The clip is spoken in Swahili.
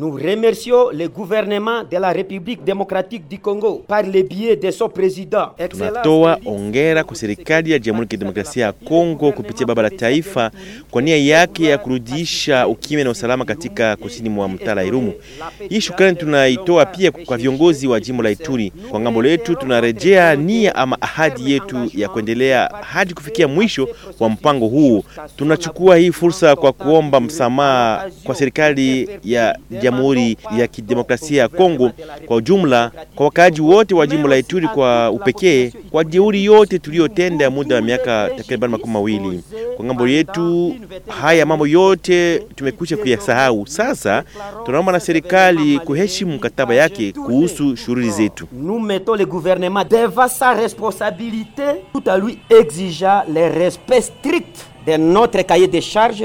Nous remercions le gouvernement de la République démocratique du Congo par le biais de son président. Tunatoa ongera kwa serikali ya Jamhuri ya Kidemokrasia ya Kongo kupitia baba la taifa kwa nia yake ya kurudisha ukimya na usalama katika kusini mwa mtaa la Irumu. Hii shukrani tunaitoa pia kwa viongozi wa jimbo la Ituri. Kwa ngambo letu, tunarejea nia ama ahadi yetu ya kuendelea hadi kufikia mwisho wa mpango huu. Tunachukua hii fursa kwa kuomba msamaha kwa serikali ya Jamhuri ya Kidemokrasia ya Kongo kwa ujumla, kwa wakaaji wote wa jimbo la Ituri kwa upekee, kwa jeuri yote tuliyotenda muda wa miaka takriban makumi mawili. Kwa ngambo yetu, haya mambo yote tumekwisha kuyasahau. Sasa tunaomba na serikali kuheshimu mkataba yake kuhusu shughuli zetu. tout à lui exigea le respect strict de notre cahier de charge.